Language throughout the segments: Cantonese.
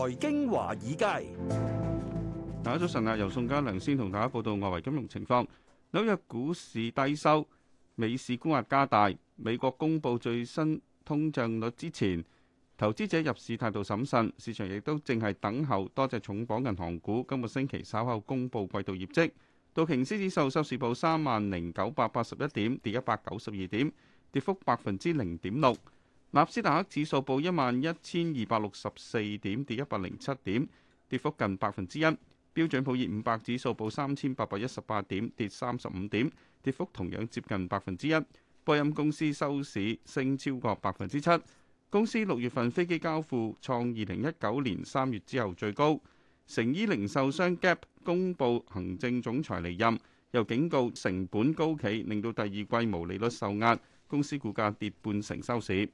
財經華爾街，大家早晨啊！由宋家良先同大家報道外圍金融情況。紐約股市低收，美市沽壓加大。美國公布最新通脹率之前，投資者入市態度審慎，市場亦都正係等候多隻重磅銀行股今個星期稍後公布季度業績。道瓊斯指數收市報三萬零九百八十一點，跌一百九十二點，跌幅百分之零點六。納斯達克指數報一萬一千二百六十四點，跌一百零七點，跌幅近百分之一。標準普爾五百指數報三千八百一十八點，跌三十五點，跌幅同樣接近百分之一。波音公司收市升超過百分之七，公司六月份飛機交付創二零一九年三月之後最高。成衣零售商 Gap GA 公布行政總裁離任，又警告成本高企令到第二季毛利率受壓，公司股價跌半成收市。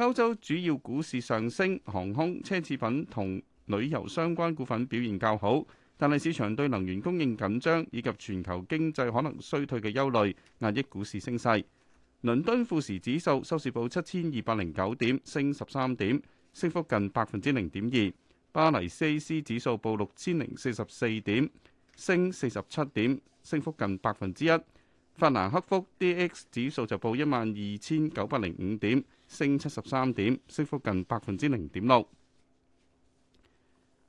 歐洲主要股市上升，航空、奢侈品同旅遊相關股份表現較好，但係市場對能源供應緊張以及全球經濟可能衰退嘅憂慮壓抑股市升勢。倫敦富時指數收市報七千二百零九點，升十三點，升幅近百分之零點二。巴黎 CAC 指數報六千零四十四點，升四十七點，升幅近百分之一。法蘭克福 DAX 指數就報一萬二千九百零五點，升七十三點，升幅近百分之零點六。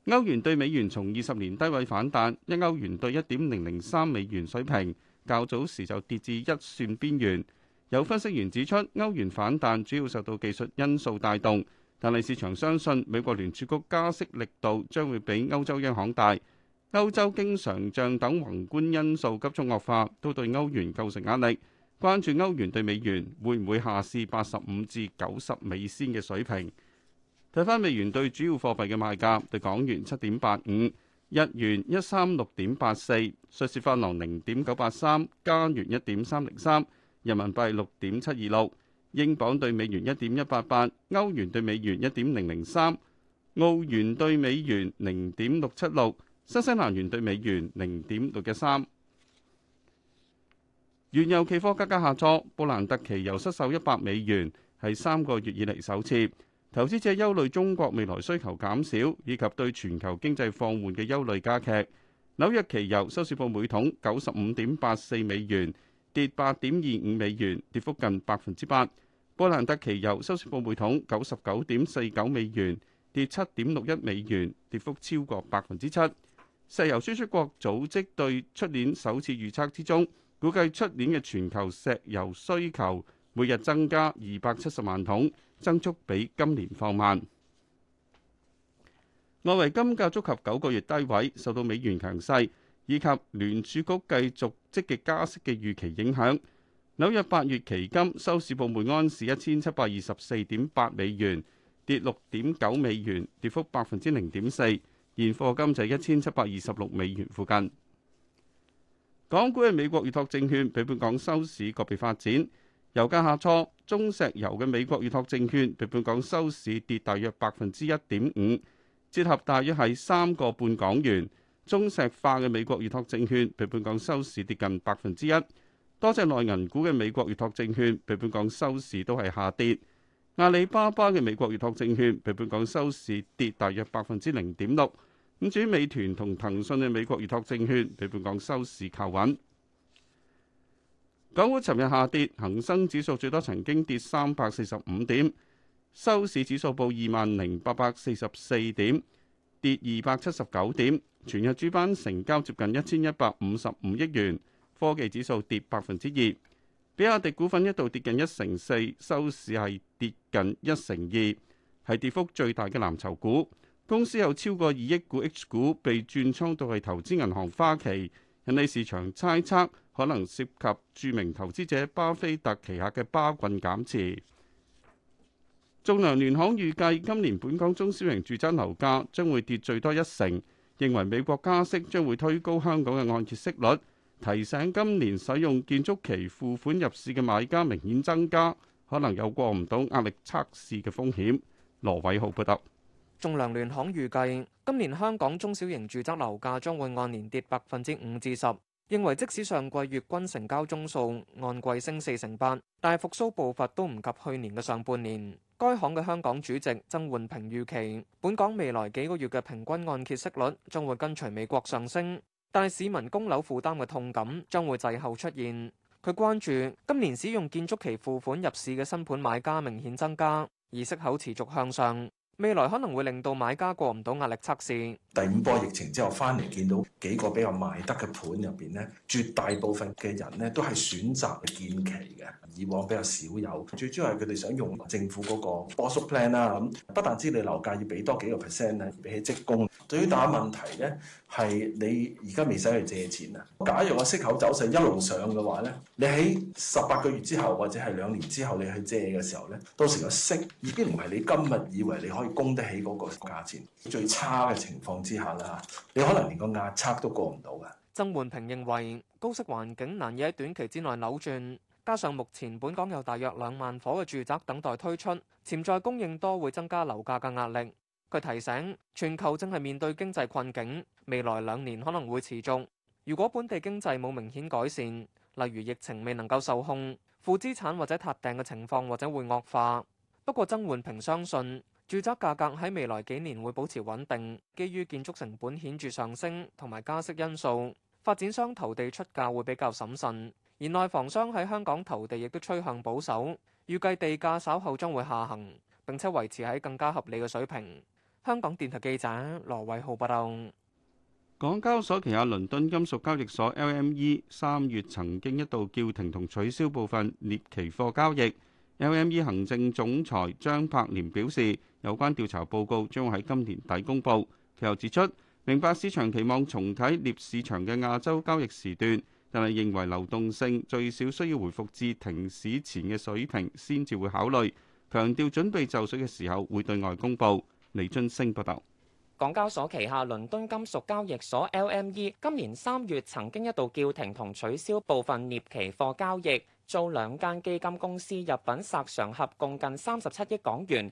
歐元對美元從二十年低位反彈，一歐元對一點零零三美元水平。較早時就跌至一算邊緣。有分析員指出，歐元反彈主要受到技術因素帶動，但係市場相信美國聯儲局加息力度將會比歐洲央行大。歐洲經常賬等宏觀因素急速惡化，都對歐元構成壓力。關注歐元對美元會唔會下試八十五至九十美仙嘅水平。睇翻美元對主要貨幣嘅賣價，對港元七點八五，日元一三六點八四，瑞士法郎零點九八三，加元一點三零三，人民幣六點七二六，英鎊對美元一點一八八，歐元對美元一點零零三，澳元對美元零點六七六。新西蘭元兌美元零點六一三，原油期貨價格下挫，布蘭特期油失守一百美元，係三個月以嚟首次。投資者憂慮中國未來需求減少，以及對全球經濟放緩嘅憂慮加劇。紐約期油收市報每桶九十五點八四美元，跌八點二五美元，跌幅近百分之八。布蘭特期油收市報每桶九十九點四九美元，跌七點六一美元，跌幅超過百分之七。石油輸出國組織對出年首次預測之中，估計出年嘅全球石油需求每日增加二百七十萬桶，增速比今年放慢。外圍金價觸及九個月低位，受到美元強勢以及聯儲局繼續積極加息嘅預期影響。紐約八月期金收市報每安士一千七百二十四點八美元，跌六點九美元，跌幅百分之零點四。現貨金就一千七百二十六美元附近。港股嘅美國預託證券比本港收市個別發展。油價下挫，中石油嘅美國預託證券比本港收市跌大約百分之一點五，折合大約係三個半港元。中石化嘅美國預託證券比本港收市跌近百分之一。多隻內銀股嘅美國預託證券比本港收市都係下跌。阿里巴巴嘅美國預託證券比本港收市跌大約百分之零點六。咁主要，至於美團同騰訊嘅美國預託證券，比本港收市靠穩。港股尋日下跌，恒生指數最多曾經跌三百四十五點，收市指數報二萬零八百四十四點，跌二百七十九點。全日主板成交接近一千一百五十五億元，科技指數跌百分之二。比亞迪股份一度跌近一成四，收市係跌近一成二，係跌幅最大嘅藍籌股。公司有超過二億股 H 股被轉倉到係投資銀行花旗，引起市場猜測可能涉及著名投資者巴菲特旗下嘅巴郡減持。仲量聯行預計今年本港中小型住宅樓價將會跌最多一成，認為美國加息將會推高香港嘅按揭息率，提醒今年使用建築期付款入市嘅買家明顯增加，可能有過唔到壓力測試嘅風險。羅偉浩報導。仲量聯行預計今年香港中小型住宅樓價將會按年跌百分之五至十，認為即使上季月均成交宗數按季升四成八，但復甦步伐都唔及去年嘅上半年。該行嘅香港主席曾煥平預期，本港未來幾個月嘅平均按揭息率將會跟隨美國上升，但係市民供樓負擔嘅痛感將會滯後出現。佢關注今年使用建築期付款入市嘅新盤買家明顯增加，而息口持續向上。未來可能會令到買家過唔到壓力測試。第五波疫情之後翻嚟見到幾個比較賣得嘅盤入邊咧，絕大部分嘅人咧都係選擇建期嘅。以往比較少有，最主要係佢哋想用政府嗰個波叔 plan 啦咁，不但知你樓價要俾多幾個 percent 咧，比起職工。最大問題咧係你而家未使去借錢啊。假如我息口走勢一路上嘅話咧，你喺十八個月之後或者係兩年之後你去借嘅時候咧，到時個息已經唔係你今日以為你可以。供得起嗰個價錢，最差嘅情況之下啦，吓，你可能連個壓測都過唔到嘅。曾煥平認為高息環境難以喺短期之內扭轉，加上目前本港有大約兩萬伙嘅住宅等待推出，潛在供應多會增加樓價嘅壓力。佢提醒，全球正係面對經濟困境，未來兩年可能會持續。如果本地經濟冇明顯改善，例如疫情未能夠受控，負資產或者撻訂嘅情況或者會惡化。不過曾煥平相信，住宅價格喺未來幾年會保持穩定，基於建築成本顯著上升同埋加息因素，發展商投地出價會比較審慎。而內房商喺香港投地亦都趨向保守，預計地價稍後將會下行，並且維持喺更加合理嘅水平。香港電台記者羅偉浩報道。港交所旗下倫敦金屬交易所 LME 三月曾經一度叫停同取消部分鎳期貨交易。LME 行政總裁張柏廉表示。有關調查報告將會喺今年底公布。佢又指出，明白市場期望重啟鎳市場嘅亞洲交易時段，但係認為流動性最少需要回復至停市前嘅水平先至會考慮。強調準備就緒嘅時候會對外公布。李津升報導。港交所旗下倫敦金屬交易所 LME 今年三月曾經一度叫停同取消部分鎳期貨交易，遭兩間基金公司入稟索償合共近三十七億港元。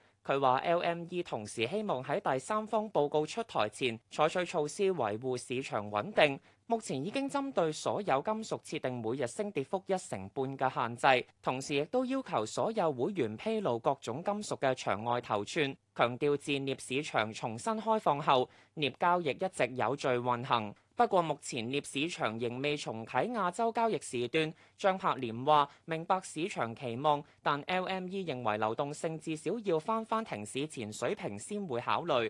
佢話：LME 同時希望喺第三方報告出台前採取措施維護市場穩定。目前已經針對所有金屬設定每日升跌幅一成半嘅限制，同時亦都要求所有會員披露各種金屬嘅場外頭寸，強調自鎳市場重新開放後，鎳交易一直有序運行。不過目前獵市場仍未重啟亞洲交易時段，張柏廉話：明白市場期望，但 LME 認為流動性至少要返返停市前水平先會考慮。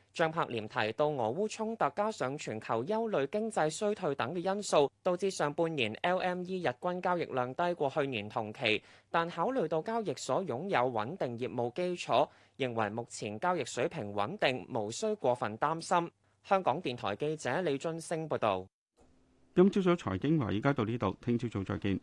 張柏廉提到，俄烏衝突加上全球憂慮、經濟衰退等嘅因素，導致上半年 LME 日均交易量低過去年同期。但考慮到交易所擁有穩定業務基礎，認為目前交易水平穩定，無需過分擔心。香港電台記者李津升報道。今朝早財經華爾街到呢度，聽朝早再見。